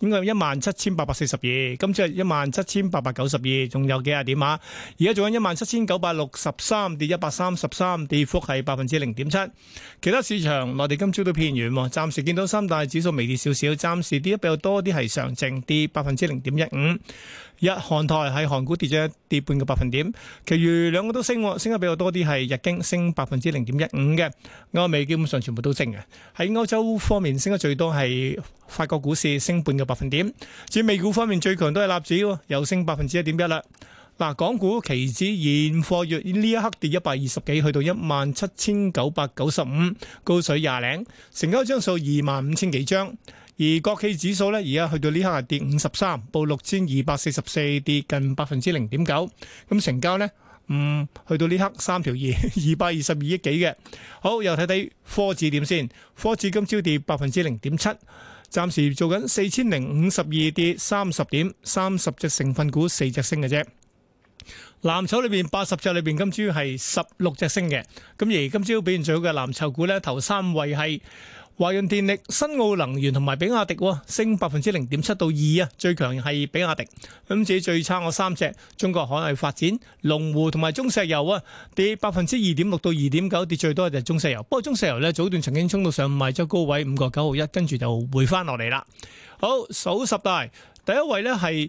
應該一萬七千八百四十二？今朝係一萬七千八百九十二，仲有幾啊點啊？而家仲有一萬七千九百六十三，跌一百三十三，跌幅係百分之零點七。其他市場內地今朝都偏軟，暫時見到三大指數微跌少少，暫時跌得比較多啲係上證跌百分之零點一五。日韓台係韓股跌咗跌半個百分點，其餘兩個都升，升得比較多啲係日經升百分之零點一五嘅，歐美基本上全部都升嘅。喺歐洲方面，升得最多係。法國股市升半個百分點，至於美股方面，最強都係納指，又升百分之一點一啦。嗱，港股期指現貨月呢一刻跌一百二十幾，去到一萬七千九百九十五，高水廿零，成交張數二萬五千幾張。而國企指數呢，而家去到呢刻係跌五十三，報六千二百四十四，跌近百分之零點九。咁成交呢，嗯，去到呢刻三條二二百二十二億幾嘅。好，又睇睇科指點先，科指今朝跌百分之零點七。暫時做緊四千零五十二跌三十點，三十隻成分股四隻升嘅啫。藍籌裏邊八十隻裏邊，今朝係十六隻升嘅。咁而今朝表現最好嘅藍籌股呢，頭三位係。華潤電力、新奧能源同埋比亞迪升百分之零點七到二啊，最強係比亞迪。咁至最差我三隻，中國海外發展、龍湖同埋中石油啊，跌百分之二點六到二點九，跌最多就係中石油。不過中石油咧早段曾經衝到上賣咗高位五個九毫一，跟住就回翻落嚟啦。好，數十大第一位咧係。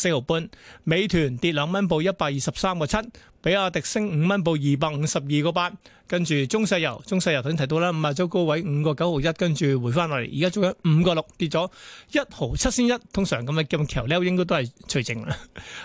四毫半，美團跌兩蚊，報一百二十三個七。比亞迪升五蚊，報二百五十二個八。跟住中石油，中石油頭先提到啦，五十周高位五個九毫一，跟住回翻落嚟，而家做緊五個六，跌咗一毫七仙一。通常咁嘅咁橋溜應該都係除淨啦。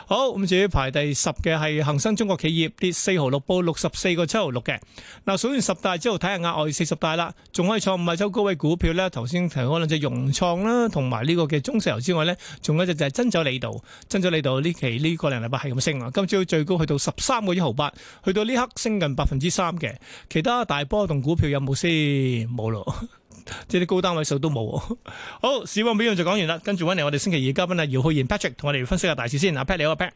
好，咁至於排第十嘅係恒生中國企業跌四毫六，報六十四個七毫六嘅。嗱，數完十大之後，睇下額外四十大啦，仲可以創五十周高位股票咧。頭先提可能就融創啦，同埋呢個嘅中石油之外咧，仲有一隻就係珍酒李渡，珍酒李渡呢期呢、呢個零禮拜係咁升啊，今朝最高去到十三。個一毫八，去到呢刻升近百分之三嘅，其他大波動股票有冇先？冇咯，即係啲高單位數都冇。好，市況表現就講完啦。跟住搵嚟，我哋星期二嘉賓阿姚浩然 Patrick 同我哋分析下大事先。阿，Patrick 你好 Pat，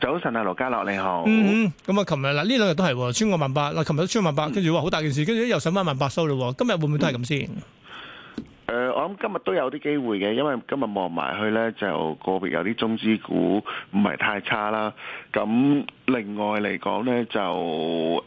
早晨，啊，羅家樂你好。咁啊，琴日嗱呢兩日都係穿過萬八。嗱，琴日都穿過萬八，跟住話好大件事，跟住又上翻萬八收咯。今日會唔會都係咁先？誒、嗯呃，我諗今日都有啲機會嘅，因為今日望埋去咧，就個別有啲中資股唔係太差啦。咁另外嚟講呢，就誒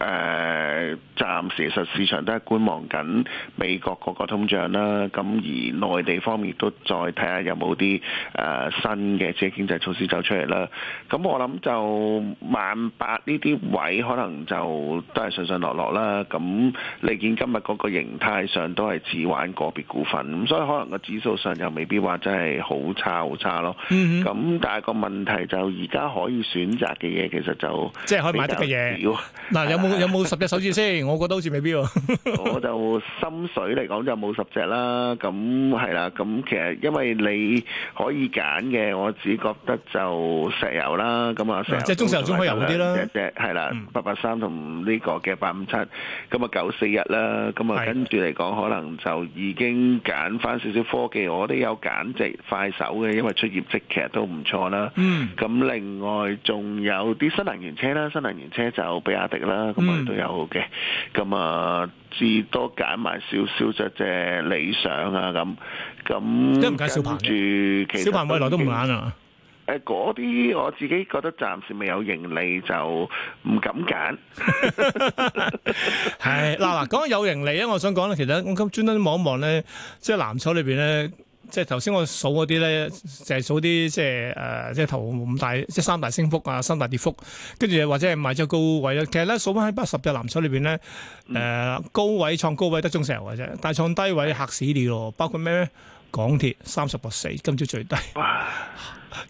暫、呃、時其實市場都係觀望緊美國個個通脹啦。咁而內地方面都再睇下有冇啲誒新嘅即經濟措施走出嚟啦。咁我諗就萬八呢啲位可能就都係上上落落啦。咁你見今日個個形態上都係只玩個別股份，咁所以可能個指數上又未必話真係好差好差咯。咁但係個問題就而家可以選擇嘅嘢其實就即係可以買得嘅嘢，嗱，有冇有冇十隻手指先？我覺得好似未必。我就心水嚟講就冇十隻啦，咁係啦，咁其實因為你可以揀嘅，我只覺得就石油啦，咁啊石油即係中石油、中海油嗰啲啦，即係係啦，八八三同呢個嘅八五七，咁啊九四一啦，咁啊跟住嚟講可能就已經揀翻少少科技，我都有揀隻快手嘅，因為出業績其實都唔錯啦。嗯，咁另外仲有啲新。能源車啦，新能源車就比亞迪啦，咁啊都有嘅，咁啊至多揀埋少少啫即係理想啊，咁咁都唔揀小鵬住其實，小鵬未來都唔揀啊？誒，嗰啲我自己覺得暫時未有盈利就唔敢揀。唉，嗱嗱，講到有盈利咧，我想講咧，其實我今專登望一望咧，即係藍籌裏邊咧。即係頭先我數嗰啲咧，就係數啲即係誒，即係、呃、頭五大，即係三大升幅啊，三大跌幅，跟住或者係賣咗高位咯。其實咧，數翻喺八十隻藍籌裏邊咧，誒、呃、高位創高位得中石油嘅啫，但係創低位嚇死你喎！包括咩？港鐵三十個四，4，今朝最低，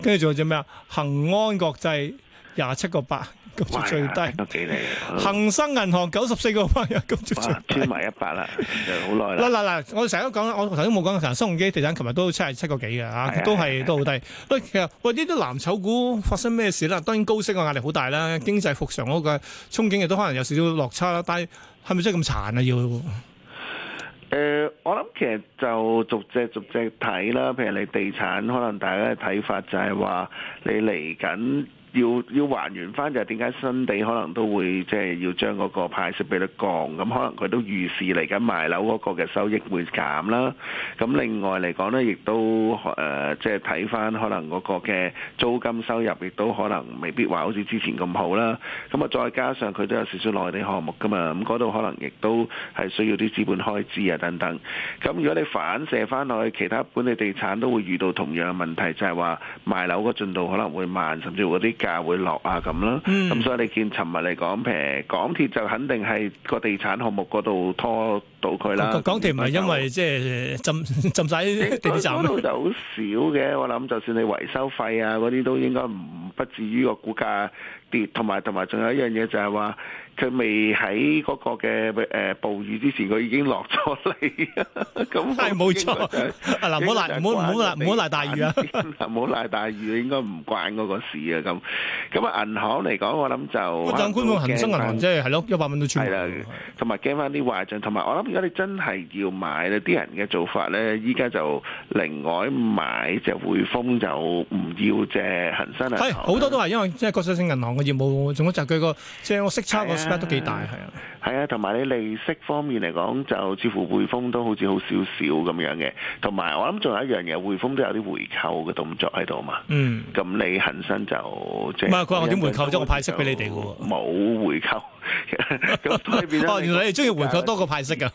跟住仲有隻咩啊？恆安國際廿七個八。最低，恒生銀行九十四個八，今朝最穿埋一百啦，好耐啦。嗱嗱嗱，我成日都講，我頭先冇講，新鴻基地產，琴日都七十七個幾嘅，吓都係都好低。所以其實喂，呢啲藍籌股發生咩事啦？當然高息嘅壓力好大啦，經濟復常嗰個憧憬亦都可能有少少落差啦。但係係咪真係咁殘啊？要？誒，我諗其實就逐隻逐隻睇啦。譬如你地產，可能大家嘅睇法就係話你嚟緊。要要還原翻就係點解新地可能都會即係要將嗰個派息畀佢降，咁可能佢都預示嚟緊賣樓嗰個嘅收益會減啦。咁另外嚟講呢，亦都誒即係睇翻可能嗰個嘅租金收入，亦都可能未必話好似之前咁好啦。咁啊，再加上佢都有少少內地項目噶嘛，咁嗰度可能亦都係需要啲資本開支啊等等。咁如果你反射翻落去，其他本地地產都會遇到同樣嘅問題，就係、是、話賣樓嘅進度可能會慢，甚至乎嗰啲。價會落啊，咁啦，咁所以你見尋日嚟講平，港鐵就肯定係個地產項目嗰度拖。 到佢啦。港鐵唔係因為即係浸浸曬啲地鐵站。港島就好少嘅，我諗就算你維修費啊嗰啲都應該唔不至於個股價跌。同埋同埋仲有一樣嘢就係話，佢未喺嗰個嘅誒暴雨之前，佢已經落咗嚟。咁係冇錯。嗱，唔好賴，唔好唔好賴，唔好賴大雨啊！唔好賴大雨，應該唔關嗰個事啊。咁咁啊，銀行嚟講，我諗就。觀眾觀眾，恒生銀行即係係咯，一百蚊到千。係啦，同埋驚翻啲壞帳，同埋我諗。而家你真係要買咧，啲人嘅做法咧，依家就另外買隻匯豐就唔要借恒生啊！係好多都係因為即係國際性銀行嘅業務，仲有就佢個即係個息差個 spread 都幾大，係啊，係啊，同埋你利息方面嚟講，就似乎匯豐都好似好少少咁樣嘅，同埋我諗仲有一樣嘢，匯豐都有啲回購嘅動作喺度嘛。嗯，咁你恆生就即係唔係佢話點回購咗？我派息俾你哋嘅喎，冇回購。哦，原來你係中意回購多過派息噶。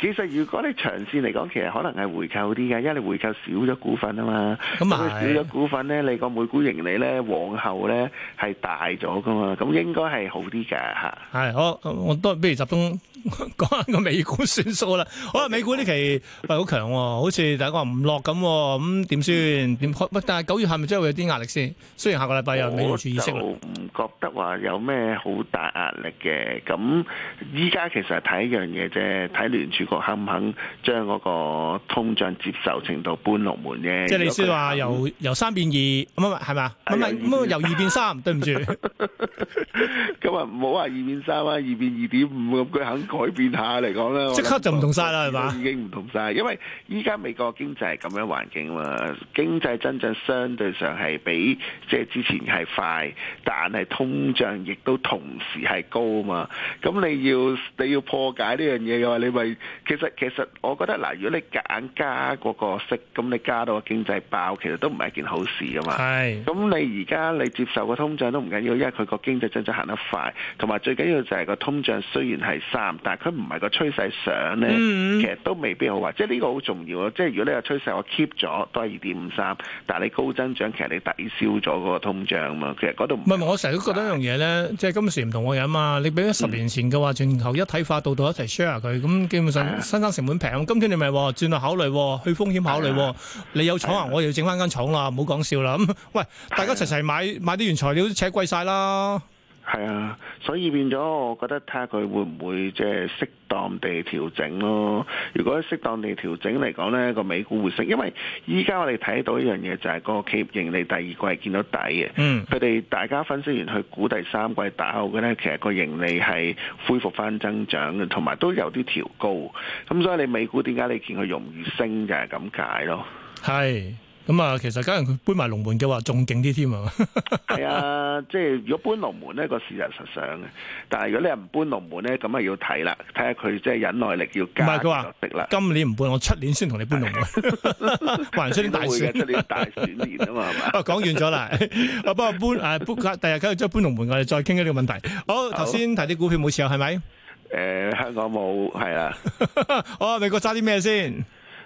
其實如果你長線嚟講，其實可能係回購啲嘅，因為你回購少咗股份啊嘛，咁啊少咗股份咧，你個每股盈利咧往後咧係大咗噶嘛，咁應該係好啲嘅吓。係，我我都不如集中講下個美股算數啦。好啦，美股呢期喎好強，好似大家話唔落咁，咁點算？點？但係九月係咪真係會有啲壓力先？雖然下個禮拜又美聯儲議息啦。我唔覺得話有咩好大壓力嘅，咁依家其實係睇一樣嘢啫，睇聯儲。如果肯唔肯將嗰個通脹接受程度搬落門啫？即係你思話由、嗯、由三變二咁啊？係嘛是？唔係咁由二變三？ 3，對唔住，咁啊唔好話二變三啦，二變二點五咁佢肯改變下嚟講啦，即刻就唔同晒啦係嘛？是是已經唔同晒！因為依家美國經濟係咁樣環境啊嘛，經濟增長相對上係比即係之前係快，但係通脹亦都同時係高啊嘛。咁你要你要，你要破解呢樣嘢嘅話，你咪～你其實其實我覺得嗱，如果你夾硬加嗰個息，咁你加到個經濟爆，其實都唔係一件好事噶是嘛。係。咁你而家你接受個通脹都唔緊要緊，因為佢個經濟增長行得快，同埋最緊要就係個通脹雖然係三，但係佢唔係個趨勢上咧，其實都未必好話、嗯。即係呢個好重要啊，即係如果你個趨勢我 keep 咗都係二點五三，但係你高增長其實你抵消咗嗰個通脹啊嘛。其實嗰度唔係唔係，嗯、我成日都覺得一樣嘢咧，即係今時唔同往日啊嘛。你俾咗十年前嘅話，全球、嗯、一體化到到一齊 share 佢，咁基本上。新生產成本平，今天你咪轉落考慮，去風險考慮，哎、呀你有廠啊，哎、呀我要整返間廠啦，唔好講笑啦。咁， 喂，大家齊齊買買啲原材料，扯貴晒啦。係啊，所以變咗，我覺得睇下佢會唔會即係適當地調整咯。如果適當地調整嚟講呢個美股會升，因為依家我哋睇到一樣嘢就係個企業盈利第二季見到底嘅，佢哋、嗯、大家分析完去估第三季打後嘅呢，其實個盈利係恢復翻增長，同埋都有啲調高。咁所以你美股點解你見佢容易升就係咁解咯？係。咁啊，其實假如佢搬埋龍門嘅話，仲勁啲添啊！係啊，即係如果搬龍門呢個事實實上嘅。但係如果你唔搬龍門咧，咁啊要睇啦，睇下佢即係忍耐力要加唔係佢話，今年唔搬，我出年先同你搬龍門，出年大選，出年大選年啲啊嘛，係嘛？啊，講完咗啦。不過搬啊搬，第日假如係搬龍門，我哋再傾呢個問題。好，頭先睇啲股票冇事啊，係咪？誒，香港冇，係啊。哦，美國揸啲咩先？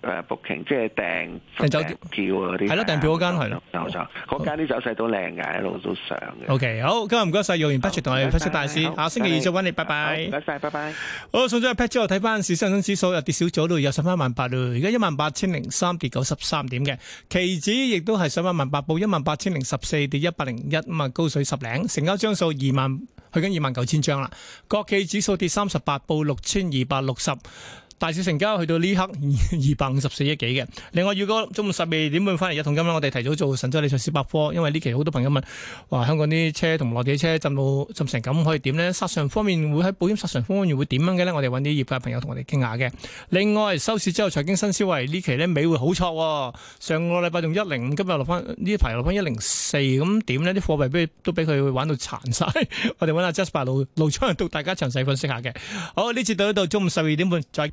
誒 Booking 即係訂酒店票嗰、啊、啲，係咯、啊，訂、啊啊、票嗰間係咯，就就嗰間啲走勢都靚嘅，一路都上嘅、啊。好 OK，好，今日唔該曬，用完 pat 住同你分析大市，下星期二再揾你，拜拜。唔該拜拜。謝謝 bye bye. 好，上咗去 pat 之後睇翻，市恒生指數又跌少咗咯，又上翻萬八咯，而家一萬八千零三跌九十三點嘅，期指亦都係上一萬八，報一萬八千零十四跌一百零一咁啊高水十零，成交張數二萬，去緊二萬九千張啦。國企指數跌三十八，報六千二百六十。大市成交去到呢刻二百五十四億幾嘅。另外，如果中午十二點半翻嚟一桶金啦，我哋提早做神州理財小百科，因為呢期好多朋友問話香港啲車同落地車浸到浸成咁，可以點呢？」「殺傷方面會喺保險殺傷方面會點樣嘅呢？」我哋揾啲業界朋友同我哋傾下嘅。另外，收市之後財經新思維呢期呢尾會好挫喎，上個禮拜仲一零五，今日落翻呢排落翻一零四咁點呢？啲貨幣幣都俾佢玩到殘晒， 我哋揾阿 Jasper 老老張同大家詳細分析下嘅。好，呢次到呢度，中午十二點半再。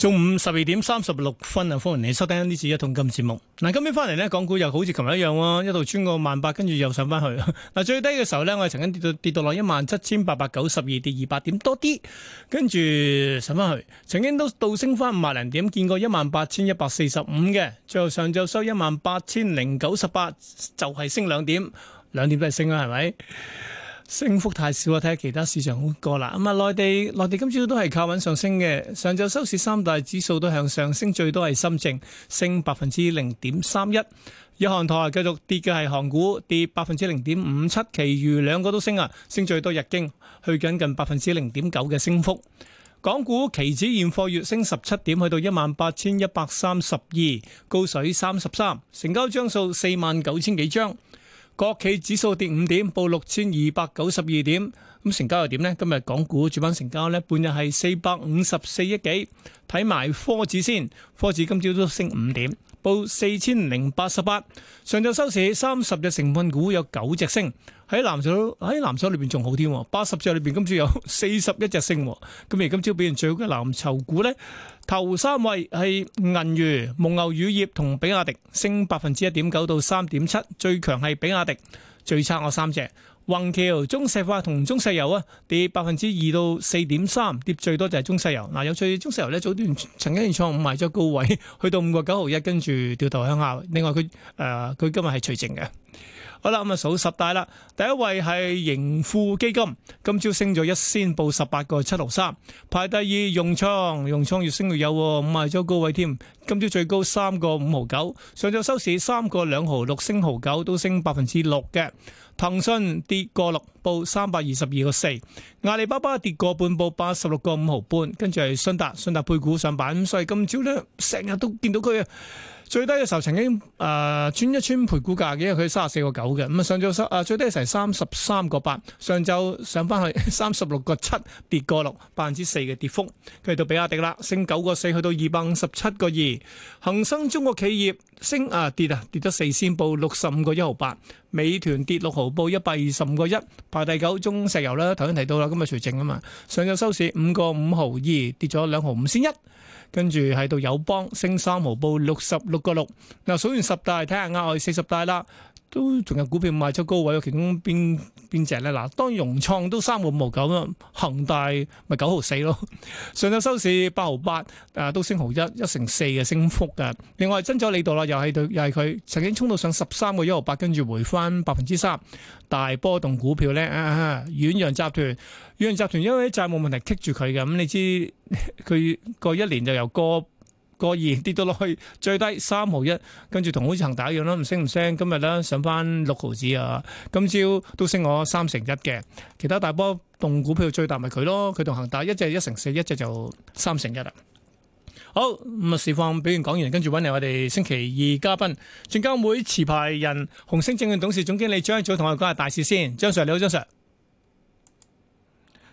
中午十二點三十六分啊，歡迎你收聽呢次一桶金節目。嗱，今日翻嚟呢，港股又好似琴日一樣喎，一度穿過萬八，跟住又上翻去。嗱， 最低嘅時候呢，我哋曾經跌到跌到落一萬七千八百九十二，跌二百點多啲，跟住上翻去，曾經都倒升翻萬零點，見過一萬八千一百四十五嘅，最後上晝收一萬八千零九十八，就係升兩點，兩點都係升啊，係咪？ 升幅太少啊！睇下其他市場好過啦。咁啊，內地內地今朝都係靠穩上升嘅。上晝收市三大指數都向上升，最多係深證升百分之零點三一。日韓台繼續跌嘅係韓股跌百分之零點五七，其餘兩個都升啊，升最多日經去緊近百分之零點九嘅升幅。港股期指現貨月升十七點，去到一萬八千一百三十二，高水三十三，成交張數四萬九千幾張。國企指數，跌五點，報六千二百九十二點。咁成交又點呢？今日港股主板成交呢，半日係四百五十四億幾。睇埋科指先，科指今朝都升五點，報四千零八十八。上晝收市三十隻成分股有九隻升，喺藍籌喺藍籌裏邊仲好添，八十隻裏邊今朝有四十一隻升。咁而今朝表現最好嘅藍籌股呢。頭三位係銀娛、蒙牛乳業同比亞迪，升百分之一點九到三點七，最強係比亞迪，最差我三隻。宏橋、中石化同中石油啊，跌百分之二到四點三，跌最多就係中石油。嗱、啊，有趣，中石油咧早段曾經創五賣咗高位，去到五個九毫一，跟住掉頭向下。另外佢誒佢今日係除淨嘅。好啦，咁啊數十大啦，第一位係盈富基金，今朝升咗一仙，報十八個七毫三。排第二，融創融創越升越有，五日咗高位添。今朝最高三個五毫九，上晝收市三個兩毫六，升毫九都升百分之六嘅。騰訊跌個六，報三百二十二個四。阿里巴巴跌個半，報八十六個五毫半。跟住係信達，信達配股上版，咁所以今朝咧成日都見到佢啊。最低嘅時候曾經誒、呃、穿一穿配股價嘅，因為佢三十四個九嘅，咁啊上晝收誒最低成三十三個八，上晝上翻去三十六個七，跌個六百分之四嘅跌幅，跟住到比亞迪啦，升九個四去到二百五十七個二，恒生中國企業升誒、啊、跌啊跌咗四仙報六十五個一毫八，8，美團跌六毫報一百二十五個一，排第九中石油啦，頭先提到啦，今日除淨啊嘛，上晝收市五個五毫二，跌咗兩毫五仙一。跟住喺度友邦升三毫半六十六個六，嗱數完十大睇下，額外四十大啦。都仲有股票賣出高位，其中邊邊隻咧？嗱，當融創都三個五毛九啦，恒大咪九毫四咯。上日收市八毫八，誒都升毫一，一成四嘅升幅㗎。另外真咗你度啦，又係對，又係佢曾經衝到上十三個一毫八，跟住回翻百分之三，大波動股票咧、啊，遠洋集團，遠洋集團因為債務問題棘住佢嘅，咁你知佢個一年就由個。個二跌到落去最低三毫一，跟住同好似恒大一樣啦，唔升唔升，今日咧上翻六毫紙啊！今朝都升我三成一嘅，其他大波動股票最大咪佢咯。佢同恒大一隻一成四，一隻就三成一啦。好，咁啊，市況表現講完，跟住揾嚟我哋星期二嘉賓，證監會持牌人紅星證券董事總經理張總同我講下大事先。張 Sir 你好，張 Sir。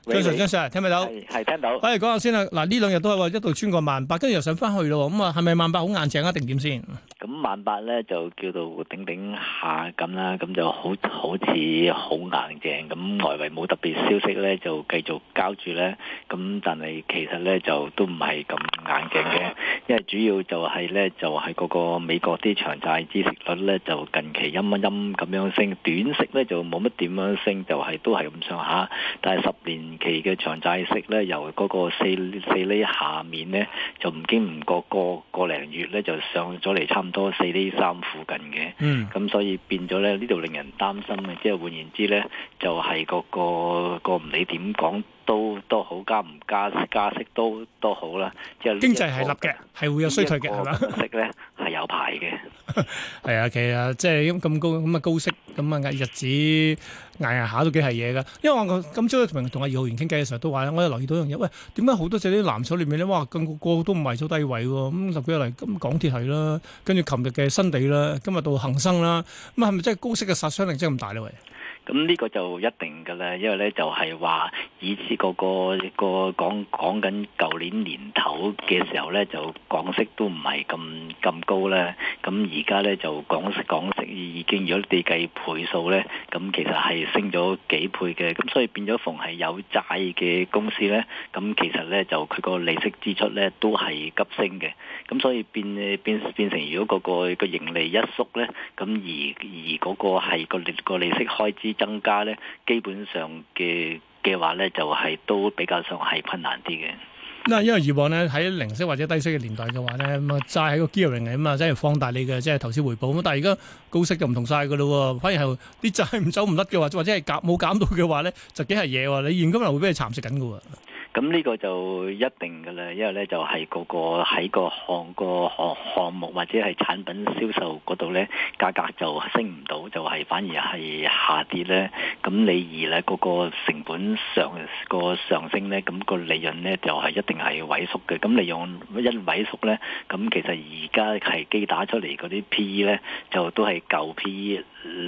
張 Sir，張 Sir，聽唔聽到？係，係聽到。誒，講下先啦。嗱，呢兩日都係話，一度穿過萬八，跟住又上翻去咯。咁啊，係咪萬八好硬淨啊？定點先？咁萬八咧就叫做頂頂下咁啦，咁就好好似好硬淨。咁外圍冇特別消息咧，就繼續膠住咧。咁但係其實咧就都唔係咁硬淨嘅，因為主要就係咧就係個個美國啲長債孳息率咧就近期陰陰咁樣升，短息咧就冇乜點樣升，就係都係咁上下。但係十年期嘅長債息咧，由嗰個四四厘下面咧，就唔經唔覺過個個零月咧，就上咗嚟差唔多四厘三附近嘅。嗯，咁所以變咗咧，呢度令人擔心嘅，即係換言之咧，就係個個唔理點講，都都好加唔加加息都都好啦。即係呢個經濟係立嘅，係會有衰退嘅係嘛？息咧係有排嘅。 係啊， 其實即係咁高咁嘅高息咁啊日子挨下都幾係嘢噶。因為我今朝同阿二號員傾偈嘅時候都話咧，我又留意到一樣嘢。喂，點解好多隻啲藍籌裏面咧，哇，咁個個都唔係咗低位喎？咁十幾嚟，咁港鐵係啦，跟住琴日嘅新地啦，今日到恒生啦，咁係咪真係高息嘅殺傷力真係咁大咧？喂！咁呢個就一定嘅啦，因為咧就係話以前個個個講講緊舊年年頭嘅時候咧，就港息都唔係咁咁高咧。咁而家咧就港息港息已經如果地計倍數咧，咁其實係升咗幾倍嘅。咁所以變咗逢係有債嘅公司咧，咁其實咧就佢個利息支出咧都係急升嘅。咁所以變變變成如果嗰個個盈利一縮咧，咁而而嗰個係個利個利息開支，增加咧，基本上嘅嘅話咧，就係都比較上係困難啲嘅。嗱，因為以往咧喺零息或者低息嘅年代嘅話咧，咁啊債係個 gearing 嚟啊嘛，即係放大你嘅即係投資回報。咁但係而家高息就唔同曬噶咯，反而係啲債唔走唔甩嘅話，或者係減冇減到嘅話咧，就幾係嘢喎。你現金流會俾你蠶食緊噶喎。咁呢個就一定嘅啦，因為咧就係個個喺個項個項項目或者係產品銷售嗰度咧，價格就升唔到，就係反而係下跌咧。咁你而咧，個個成本上個上升咧，咁個利潤咧就係一定係萎縮嘅。咁你用一萎縮咧，咁其實而家係機打出嚟嗰啲 PE 咧，就都係舊 PE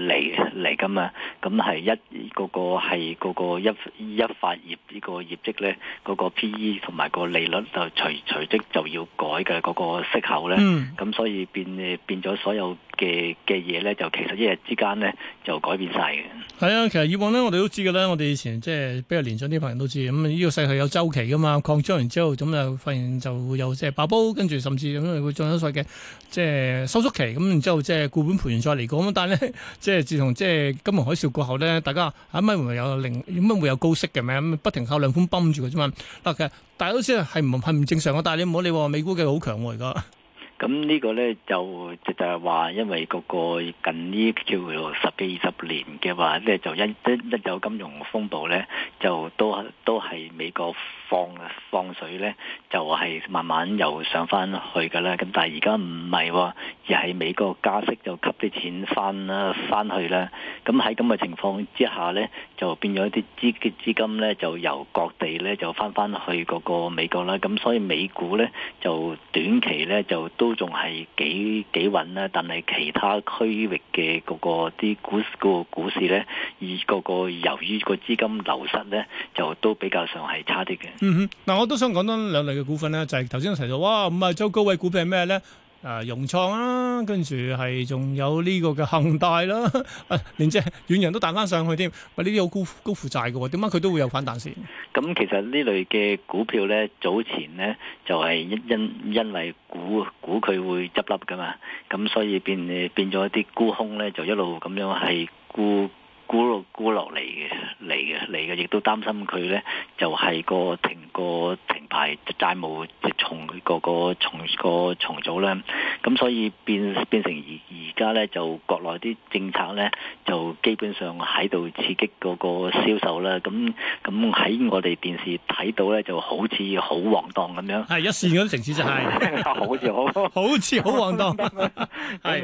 嚟嚟㗎嘛。咁係一個個係個個一一發業呢個業績咧，嗰個 P/E 同埋個利率就隨隨即就要改嘅嗰個息口咧，咁所以變變咗所有嘅嘅嘢咧，就其實一日之間咧就改變晒嘅。係啊，其實以往咧我哋都知嘅啦，我哋以前即係比較年長啲朋友都知，咁呢個世係有周期嘅嘛，擴張完之後，咁就發現就會有即係爆煲，跟住甚至咁會再有曬嘅即係收縮期，咁然之後即係固本培元再嚟過。咁但係咧，即係自從即係金融海嘯過後咧，大家點解會有零點解會有高息嘅咩？咁不停靠量寬泵住嘅啫嘛。嗱嘅，大公司係唔係唔正常嘅？但係你唔好理喎，美股嘅好強喎，而家咁呢個咧就就係話，因為個個近呢叫十幾二十年嘅話咧，就一一有金融風暴咧，就都都係美國放放水咧，就係、是、慢慢又上翻去噶啦。咁但係而家唔係，而係美國加息就吸啲錢翻啦，翻去啦。咁喺咁嘅情況之下咧。就變咗一啲資金呢，資金咧就由各地咧就返返去嗰個美國啦。咁所以美股咧就短期咧就都仲係幾幾穩啦。但係其他區域嘅嗰、嗰個啲股、嗰個嗰個股市咧，而嗰個由於個資金流失咧，就都比較上係差啲嘅。嗯哼，嗱，我都想講多兩類嘅股份咧，就係頭先提到哇，咁啊走高位股嘅係咩咧？啊、融創啦、啊，跟住係仲有呢個嘅恒大啦、啊啊，連隻遠洋都彈翻上去添。喂，呢啲有高高負債嘅喎，點解佢都會有反彈先？咁、嗯、其實呢類嘅股票咧，早前咧就係、是、因因，因為股股佢會執笠㗎嘛，咁所以變變咗一啲沽空咧，就一路咁樣係沽。沽落沽落嚟嘅，嚟嘅嚟嘅，亦都擔心佢咧就係個停個停牌債務務重個個重個重組咧，咁所以變變成而而家咧就國內啲政策咧就基本上喺度刺激個個銷售啦，咁咁喺我哋電視睇到咧就好似好旺檔咁樣，係一線嗰啲城市就係好似好，好似好旺檔，係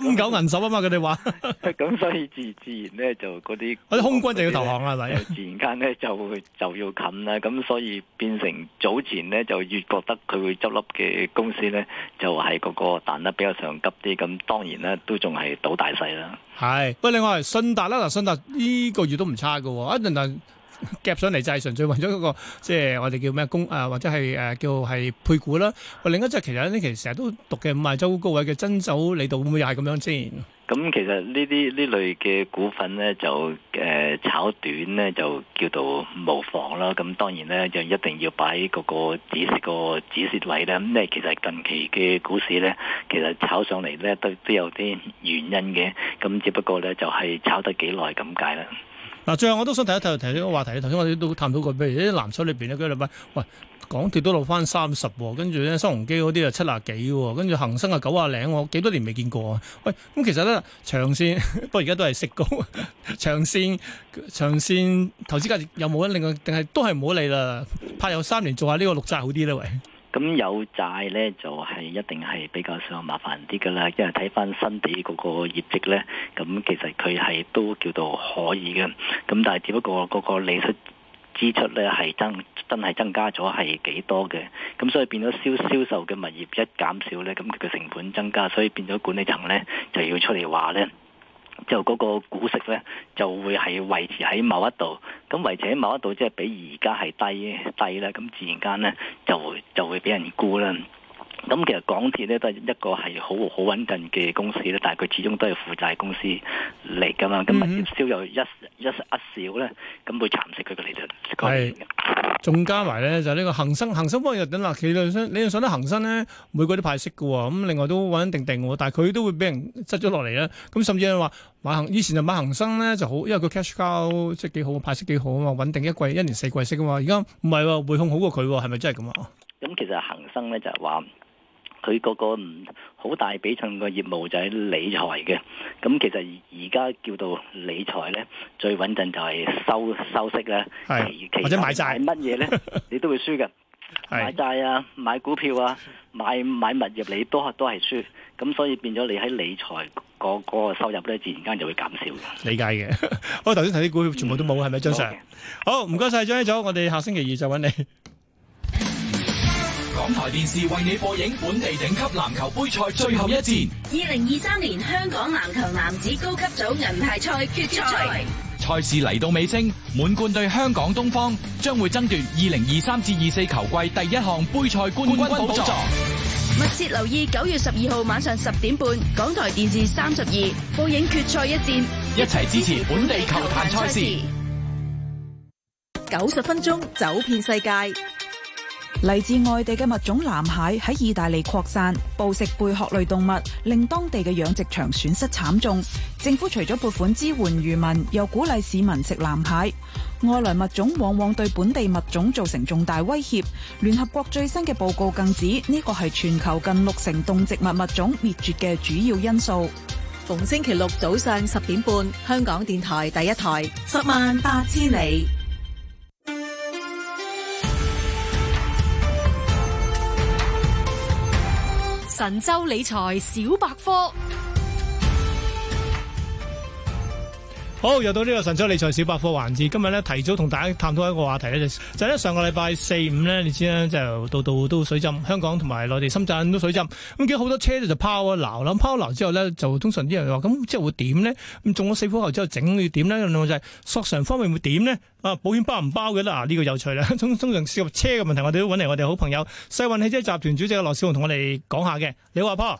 金九銀十啊嘛，佢哋話，咁所以自自然咧就。嗰啲，啲空軍就要投降啦，自然間咧就就要近啦，咁所以變成早前咧就越覺得佢會執笠嘅公司咧，就係嗰個彈得比較上急啲，咁當然咧都仲係賭大細啦。係，喂，另外信達啦，嗱，信達呢個月都唔差㗎喎。啊，信夾上嚟就係純粹為咗一個，即係我哋叫咩供啊，或者係誒、呃、叫係配股啦。另一隻其實呢，其實成日都讀嘅五十周高位嘅真走你度會唔會又係咁樣先？咁、嗯、其實呢啲呢類嘅股份咧，就誒、呃、炒短咧就叫做無妨啦。咁、嗯、當然咧就一定要擺嗰個止蝕個止蝕位啦。咁誒，其實近期嘅股市咧，其實炒上嚟咧都都有啲原因嘅。咁、嗯、只不過咧就係、是、炒得幾耐咁解啦。嗱，最後我都想提一提，提呢個話題。頭先我哋都探討過，譬如啲藍籌裏邊咧，幾個禮拜，喂，港鐵都落翻三十，跟住咧，新鴻基嗰啲啊七啊幾，跟住恒生啊九啊零，我幾多年未見過啊！喂，咁、嗯、其實咧長線，不過而家都係食高，長線長線投資價值有冇一另外，定係都係唔好理啦，怕有三年做下個綠呢個綠債好啲咧，喂。咁有債咧，就係一定係比較上麻煩啲噶啦，因為睇翻新地嗰個業績咧，咁其實佢係都叫做可以嘅，咁但係只不過嗰個利息支出咧係增，真係增加咗係幾多嘅，咁所以變咗銷銷售嘅物業一減少咧，咁佢嘅成本增加，所以變咗管理層咧就要出嚟話咧。就嗰個股息咧，就會係維持喺某一度，咁維持喺某一度，即係比而家係低低啦，咁自然間咧就就會畀人沽啦。咁其實港鐵咧都係一個係好好穩陣嘅公司咧，但係佢始終都係負債公司嚟噶嘛，咁業銷有一一一小咧，咁會斬食佢嘅利潤。係，仲、嗯、哼加埋咧就呢個恒生，恒生方面又點啦？其實你又上得恒生咧，每個都派息嘅喎，咁另外都穩定定喎，但係佢都會俾人執咗落嚟啦。咁甚至係話買恒，以前就買恒生咧就好，因為佢 cash 交即係幾好，派息幾好啊嘛，穩定一季一年四季息啊嘛。而家唔係喎，匯控好過佢喎，係咪真係咁啊？咁其實恒生咧就係話。佢個個唔好大比重嘅業務就係理財嘅，咁其實而家叫做理財咧，最穩陣就係收收息啦，或者買債乜嘢咧， 你都會輸嘅，買債啊、買股票啊、買買物業，你都多都係輸，咁所以變咗你喺理財嗰、嗰個收入咧，自然間就會減少嘅。理解嘅， 好，頭先睇啲股票全部都冇，係咪、嗯、張 Sir< 的>？好，唔該曬張總，我哋下星期二就揾你。港台電視為你播映本地頂級籃球盃賽最後一戰。二零二三年香港籃球男子高級組銀牌賽決賽，賽事嚟到尾聲，滿貫對香港東方將會爭奪二零二三至二四球季第一項盃賽冠軍寶座。密切留意九月十二號晚上十點半，港台電視三十二播映決賽一戰，一齊支持本地球壇賽事。九十分鐘走遍世界。嚟自外地嘅物種藍蟹喺意大利擴散，捕食貝殼類動物，令當地嘅養殖場損失慘重。政府除咗撥款支援漁民，又鼓勵市民食藍蟹。外來物種往往對本地物種造成重大威脅。聯合國最新嘅報告更指呢、這個係全球近六成動植物物種滅絕嘅主要因素。逢星期六早上十點半，香港電台第一台，十萬八千里。神州理財小百科。好，又到呢個神州理財小百貨環節，今日咧提早同大家探討一個話題咧，就咧、是、上個禮拜四五咧，你知啦，就到度都水浸，香港同埋內地深圳都水浸，咁見好多車就拋啊流啦，拋流、啊啊啊、之後咧就通常啲人話咁即係會點咧？咁、嗯、中咗死火後之後整、啊、要點咧？就係索償方面會點咧？啊，保險包唔包嘅、啊、啦？呢、啊這個有趣啦。通常涉及車嘅問題，我哋都揾嚟我哋好朋友世運汽車集團主席羅少雄同我哋講下嘅。你好、啊？Paul?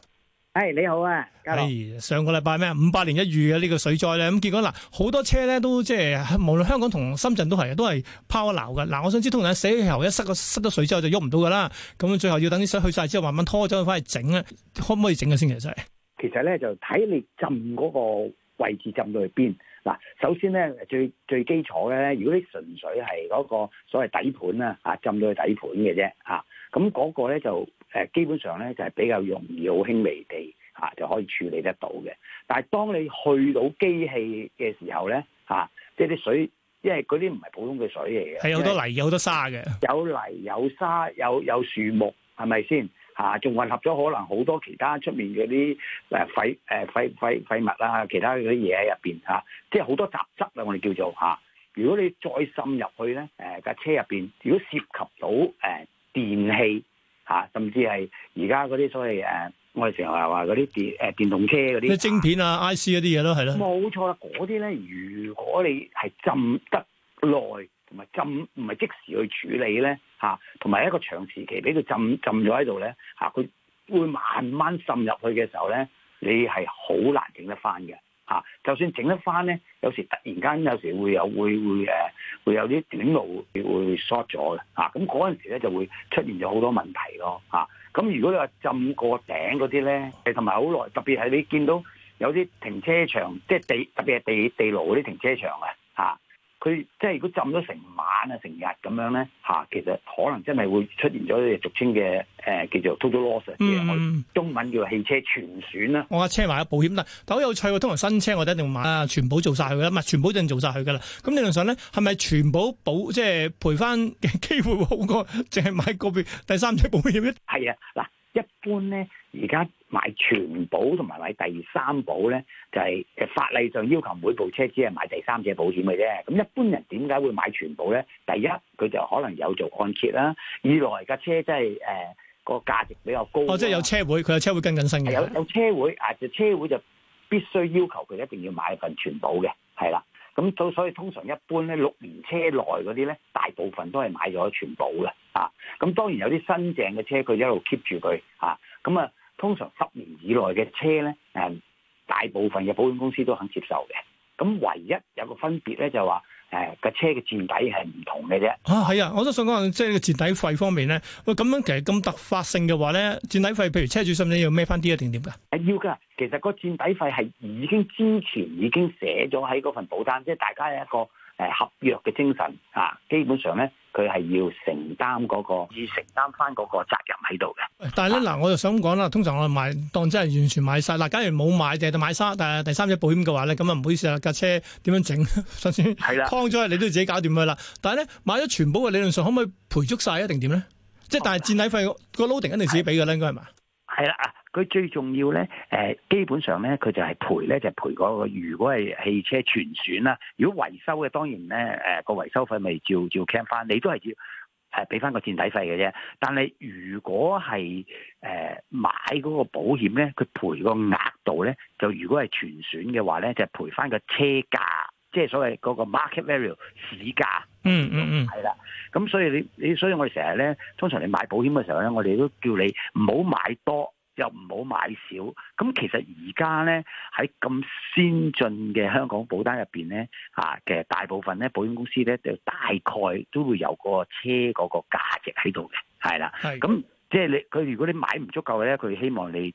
係 Hey, 你好啊油、哎，上個禮拜咩？五百年一遇嘅、啊、呢、呢個水災咧，咁結果嗱，好多車咧都即係無論香港同深圳都係，都係拋錨噶。嗱，我想知通常死火一塞個塞咗水之後就喐唔到噶啦，咁、嗯、最後要等啲水去曬之後慢慢拖走佢返去整咧，可唔可以整嘅先其實呢？其實咧就睇你浸嗰個位置浸到去邊。嗱，首先咧最最基礎咧，如果你純粹係嗰個所謂底盤啦，啊浸到去底盤嘅啫，啊咁嗰、那個咧、那個、就。誒基本上咧就係比較容易，好輕微地嚇、啊、就可以處理得到嘅。但係當你去到機器嘅時候咧嚇，即係啲水，因為嗰啲唔係普通嘅水嚟嘅，係好多泥有好多沙嘅，有泥有沙有有樹木係咪先嚇？仲、啊、混合咗可能好多其他出面嗰啲誒廢誒廢廢廢物啦、啊，其他嗰啲嘢喺入邊嚇，即係好多雜質啦、啊，我哋叫做嚇、啊。如果你再滲入去咧誒架車入邊，如果涉及到誒、啊、電器。啊嚇，甚至係而家嗰啲所謂誒、啊，我哋成日話嗰啲電誒電動車嗰啲，啲晶片啊、IC 嗰啲嘢咯，係咯，冇錯啦，嗰啲咧，如果你係浸得耐，同埋浸唔係即時去處理咧，嚇，同埋一個長時期俾佢浸浸咗喺度咧，嚇，佢會慢慢滲入去嘅時候咧，你係好難整得翻嘅。啊！就算整得翻咧，有時突然間，有時會有會會誒，會有啲短路會會 short 咗嘅。啊！咁嗰陣時咧就會出現咗好多問題咯。啊！咁如果你話浸過頂嗰啲咧，誒同埋好耐，特別係你見到有啲停車場，即係地特別係地地牢嗰啲停車場啊！佢即係如果浸咗成晚啊，成日咁樣咧，嚇，其實可能真係會出現咗啲俗稱嘅誒、呃，叫做 total loss，嗯、中文叫汽車全損啦。我架車買咗保險啦，但係好有趣喎，通常新車我哋一定買啊，全部做晒佢啦，唔係全部一定做晒佢噶啦。咁理論上咧，係咪全部保即係賠翻嘅機會好過淨係買個別第三者保險咧？係啊，嗱。一般咧，而家買全保同埋買第三保咧，就係、是、誒，法例上要求每部車只係買第三者保險嘅啫。咁一般人點解會買全保咧？第一，佢就可能有做按揭啦，二來架車真係誒、呃、個價值比較高。哦，即係有車會，佢、啊、有車會跟緊新嘅。有有車會啊，就車會就必須要求佢一定要買份全保嘅，係啦。咁所以通常一般咧六年車內嗰啲咧，大部分都係買咗全保嘅啊。咁當然有啲新淨嘅車，佢一路 keep 住佢啊。咁啊，通常十年以內嘅車咧，誒、啊、大部分嘅保險公司都肯接受嘅。咁唯一有個分別咧，就係、是、話。誒，個車嘅墊底係唔同嘅啫。啊，係啊，我都想講，即係墊底費方面咧，喂，咁樣其實咁突發性嘅話咧，墊底費，譬如車主是是，使唔使要孭翻啲一定點噶？係要噶，其實個墊底費係已經之前已經寫咗喺嗰份保單，即係大家有一個。誒，合約嘅精神啊，基本上咧，佢係要承擔嗰、嗰個，要承擔翻嗰個責任喺度嘅。但係咧，嗱、啊，我就想講啦，通常我哋買當真係完全買晒，嗱，假如冇買定，買三，但係第三者保險嘅話咧，咁啊唔好意思啦，架車點樣整？首先係啦，劏咗的你都要自己搞掂噶啦。但係咧，買咗全保嘅理論上可唔可以賠足晒一定點咧？即係的但係墊底費個 loading，一定自己俾噶啦，應該係咪？係啦。佢最重要咧，誒基本上咧，佢就係賠咧，就賠嗰個。如果係汽車全損啦，如果維修嘅當然咧，誒個維修費咪照照 claim 翻，你都係要係俾翻個墊底費嘅啫。但係如果係誒買嗰個保險咧，佢賠個額度咧，就如果係全損嘅話咧，就係賠翻個車價，即係所謂嗰個 market value 市價。嗯嗯嗯，係啦。咁所以你你所以我哋成日咧，通常你買保險嘅時候咧，我哋都叫你唔好買多。又唔好買少，咁其實而家咧喺咁先進嘅香港保單入邊咧，啊嘅大部分咧保險公司咧，就大概都會有個車嗰個價值喺度嘅，係啦。係。咁即係你佢如果你買唔足夠咧，佢希望你誒誒、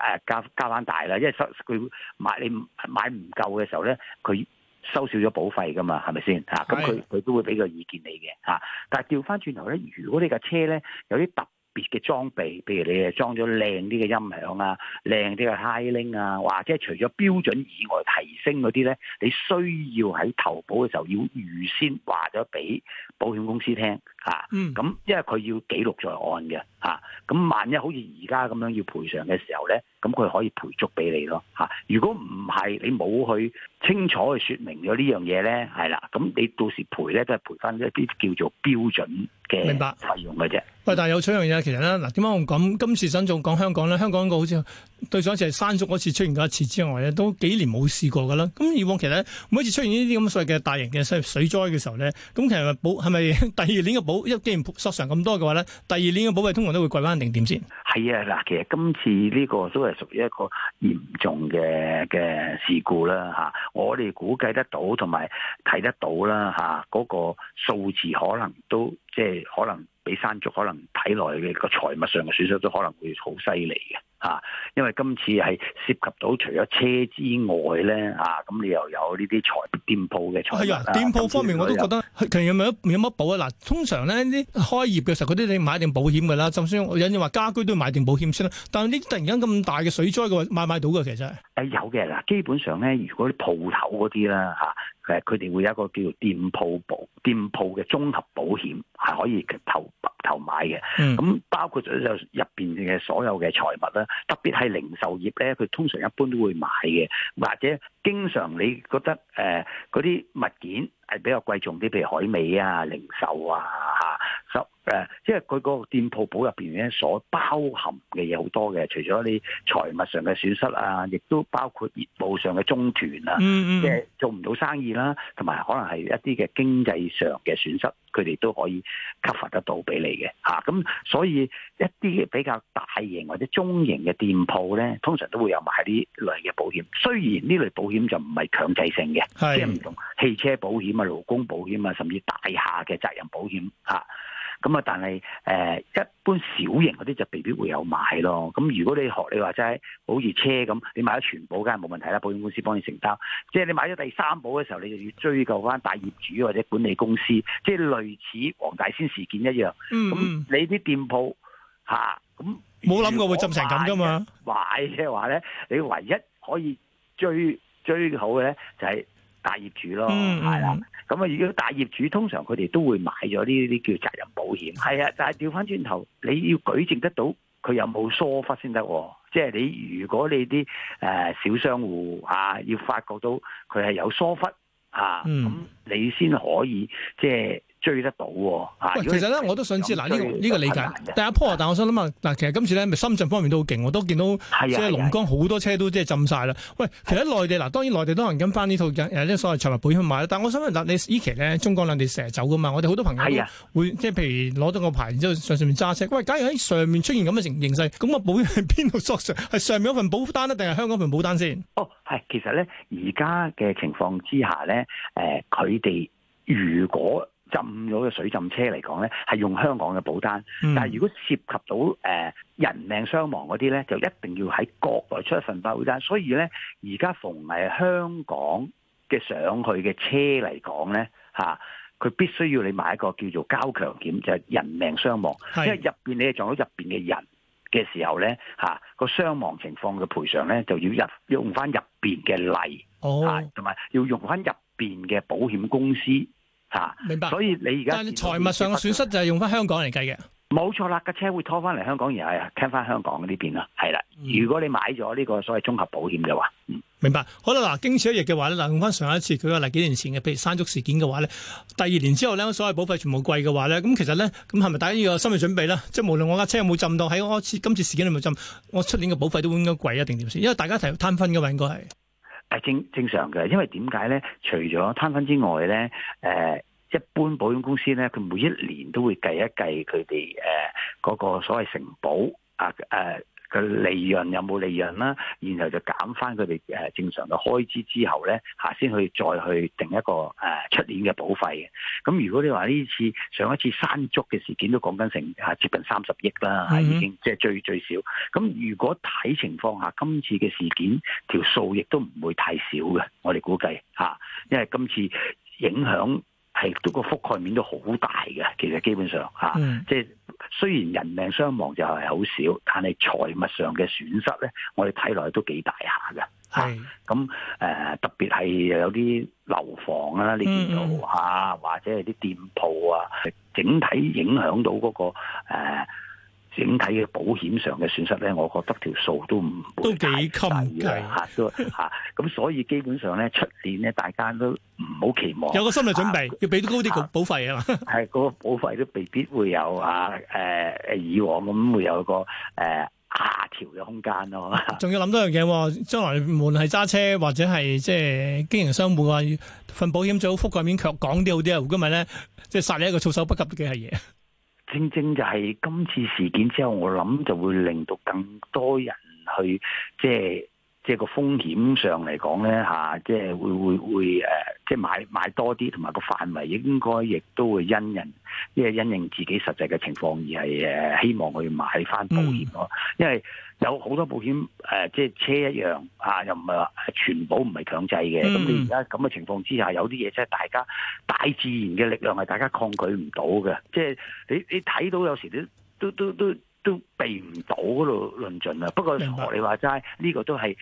呃、加加翻大啦，因為收佢買你買唔夠嘅時候咧，佢收少咗保費噶嘛，係咪先啊？咁佢佢都會俾個意見你嘅，啊。但係調翻轉頭咧，如果你架車咧有啲特別嘅裝備，譬如你係裝咗靚啲嘅音響啊，靚啲嘅呔鈴啊，或者除咗標準以外提升嗰啲咧，你需要喺投保嘅時候要預先話咗俾保險公司聽啊，咁因為佢要記錄在案嘅啊，咁萬一好似而家咁樣要賠償嘅時候咧。咁佢可以賠足俾你咯嚇。如果唔係你冇去清楚去説明咗呢樣嘢咧，係啦，咁你到時賠咧都係賠翻一啲叫做標準嘅費用嘅啫。喂白，但係有取樣嘢，其實咧嗱，點解我咁？今次想仲講香港咧？香港個好似對上一次係山竹嗰次出現過一次之外咧，都幾年冇試過噶啦。咁以往其實每一次出現呢啲咁所謂嘅大型嘅水水災嘅時候咧，咁其實保係咪第二年嘅保一既然索償咁多嘅話咧，第二年嘅保費通常都會貴翻定點先？係啊，嗱，其實今次呢個都係。屬於一個嚴重嘅嘅事故啦吓、啊，我哋估計得到同埋睇得到啦吓，嗰個、啊那個數字可能都。即係可能俾山竹，可能體內嘅個財物上嘅損失都可能會好犀利嘅嚇，因為今次係涉及到除咗車之外咧嚇，咁、啊、你又有呢啲財店鋪嘅、啊。係啊，店鋪方面我都覺得其實有冇有乜保啊？嗱，通常咧啲開業嘅時候，嗰啲你買定保險㗎啦。就算有引你話家居都買定保險先啦。但係呢突然間咁大嘅水災嘅話，買唔買到㗎？其實誒有嘅嗱，基本上咧如果啲鋪頭嗰啲啦嚇。啊誒，佢哋會有一個叫做店鋪保、店鋪嘅綜合保險，係可以投投買嘅。咁、嗯、包括咗入入邊嘅所有嘅財物啦，特別係零售業咧，佢通常一般都會買嘅，或者經常你覺得誒嗰啲物件。係比較貴重啲，譬如海味啊、零售啊嚇，十、so, 誒、呃，即係佢個店鋪簿入邊咧所包含嘅嘢好多嘅，除咗你財物上嘅損失啊，亦都包括業務上嘅中斷啊，即係、mm hmm. 做唔到生意啦、啊，同埋可能係一啲嘅經濟上嘅損失。佢哋都可以吸 o 得到俾你嘅，嚇、啊、咁所以一啲比較大型或者中型嘅店鋪咧，通常都會有買啲類嘅保險。雖然呢類保險就唔係強制性嘅，是即係唔同汽車保險啊、勞工保險啊，甚至大下嘅責任保險啊。咁啊，但係誒、呃，一般小型嗰啲就未必會有買咯。咁如果你學你話齋，好似車咁，你買咗全保，梗係冇問題啦。保險公司幫你承擔。即係你買咗第三保嘅時候，你就要追究翻大業主或者管理公司。即係類似黃大仙事件一樣。咁、嗯、你啲店鋪吓，咁冇諗過會執成咁噶嘛？買嘅話咧，你唯一可以追追好嘅咧就係、是。大業主咯，係啦，咁啊，如果大業主通常佢哋都會買咗呢啲叫責任保險，係啊，但係調返轉頭，你要舉證得到佢有冇疏忽先得喎，即係你如果你啲誒小商戶嚇要發覺到佢係有疏忽嚇，咁你先可以即係。追得到喎。哦，其實咧我都想知，嗱呢追、這個呢、這個理解，第一波的但我想諗啊，嗱，其實今次咧，咪深圳方面都好勁，我都見到，即係的的龍崗好多車都即係浸晒啦。喂的，其實喺內地嗱，當然內地都能跟翻呢套嘅所謂財物保險去買啦。的但我想問，但你依期咧，中港兩地成日走噶嘛。我哋好多朋友會即係的譬如攞咗個牌，然之後上上面揸車。喂，假如喺上面出現咁嘅形形勢，咁個保險係邊度索取？係上面嗰份保單咧，定係香港份保單先？哦，係，其實咧，而家嘅情況之下咧，誒佢哋如果浸咗嘅水浸車嚟講呢，係用香港嘅保單。嗯、但係如果涉及到誒、呃、人命傷亡嗰啲呢，就一定要喺國內出一份保單。所以呢，而家逢係香港嘅上去嘅車嚟講呢，嚇佢必須要你買一個叫做交強險，就係、是、人命傷亡。是因為入邊你撞到入邊嘅人嘅時候呢，嚇、啊嗰個傷亡情況嘅賠償呢，就要入用翻入邊嘅例，同埋要用翻入邊嘅保險公司。明白。所以你而家但財務上嘅損失就係用翻香港嚟計嘅，冇錯啦。架車會拖翻嚟香港，而係傾翻香港嗰啲邊啦，係啦。嗯、如果你買咗呢個所謂綜合保險嘅話，嗯、明白。好啦，嗱，經此一役嘅話咧，嗱，用翻上一次佢話，嗱幾年前嘅，譬如山竹事件嘅話咧，第二年之後咧，所謂保費全部貴嘅話咧，咁其實咧，咁係咪大家要有心理準備咧？即係無論我架車有冇浸到，喺我今次事件有冇浸，我出年嘅保費都應該貴一定點先？因為大家一齊攤分嘅嘛，應該係。係正正常嘅，因為點解咧？除咗攤分之外咧，誒、呃，一般保險公司咧，佢每一年都會計一計佢哋誒嗰個所謂承保啊誒。呃呃嘅利潤有冇利潤啦？然後就減翻佢哋誒正常嘅開支之後咧，嚇先去再去定一個誒出年嘅保費嘅。咁如果你話呢次上一次山竹嘅事件都講緊成嚇接近三十億啦，嚇已經即係最最少。咁如果睇情況下，今次嘅事件條數亦都唔會太少嘅，我哋估計嚇，因為今次影響。係都個覆蓋面都好大嘅，其實基本上嚇，即係、mm. 雖然人命傷亡就係好少，但係財物上嘅損失咧，我哋睇落去都幾大下嘅嚇。咁誒、mm. 啊呃、特別係有啲樓房啦、啊，你見到、mm. 啊，或者係啲店鋪啊，整體影響到嗰、嗰個、呃整體嘅保險上嘅損失咧，我覺得條數都幾襟嘅都嚇咁，所以基本上咧出年咧大家都唔好 期望， 有個心理準備、啊、要俾高啲個保費啊嘛，係嗰個保費都未必會有啊誒誒以往咁會有一個下調嘅空間咯。仲、啊啊、要諗多樣嘢喎，將來無論係揸車或者係即係經營商戶啊，份保險組覆蓋面卻廣啲好啲啊，今日唔咧，即係殺你一個措手不及嘅係嘢。 s Jay 正正就係今次事件之後，我諗就會令到更多人去，即係。就是即係個風險上嚟講咧嚇，即係會會會誒，即係買買多啲，同埋個範圍應該亦都會因人，即係因應自己實際嘅情況而係誒希望去買翻保險咯。嗯、因為有好多保險誒，即、呃、係車一樣嚇，又唔係全保強，唔係強制嘅。咁你而家咁嘅情況之下，有啲嘢真係大家大自然嘅力量係大家抗拒唔到嘅。即、就、係、是、你你睇到有時都都都都。都都都避唔到嗰度論盡啊。不過，學你話齋呢個都係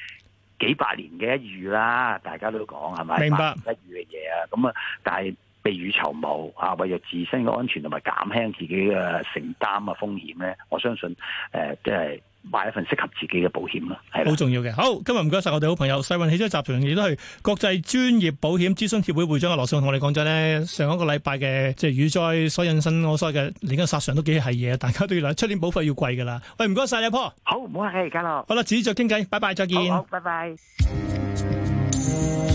幾百年嘅一遇啦。大家都講係咪百年一遇嘅嘢啊？咁啊，但係未雨綢繆啊，為咗自身嘅安全同埋減輕自己嘅承擔啊風險咧，我相信誒即係。呃就是買一份適合自己嘅保險啦，係好重要嘅。好，今日唔該晒我哋好朋友世運汽車集團亦都係國際專業保險諮詢協會會長嘅羅少同我哋講咗咧，上一個禮拜嘅即係雨災所引申我所謂嘅年家殺傷都幾係嘢，大家都要出年保費要貴噶啦。喂，唔該晒你阿婆。好，唔好客氣，而家咯，好啦，至於再傾偈，拜拜，再見，好，好，拜拜。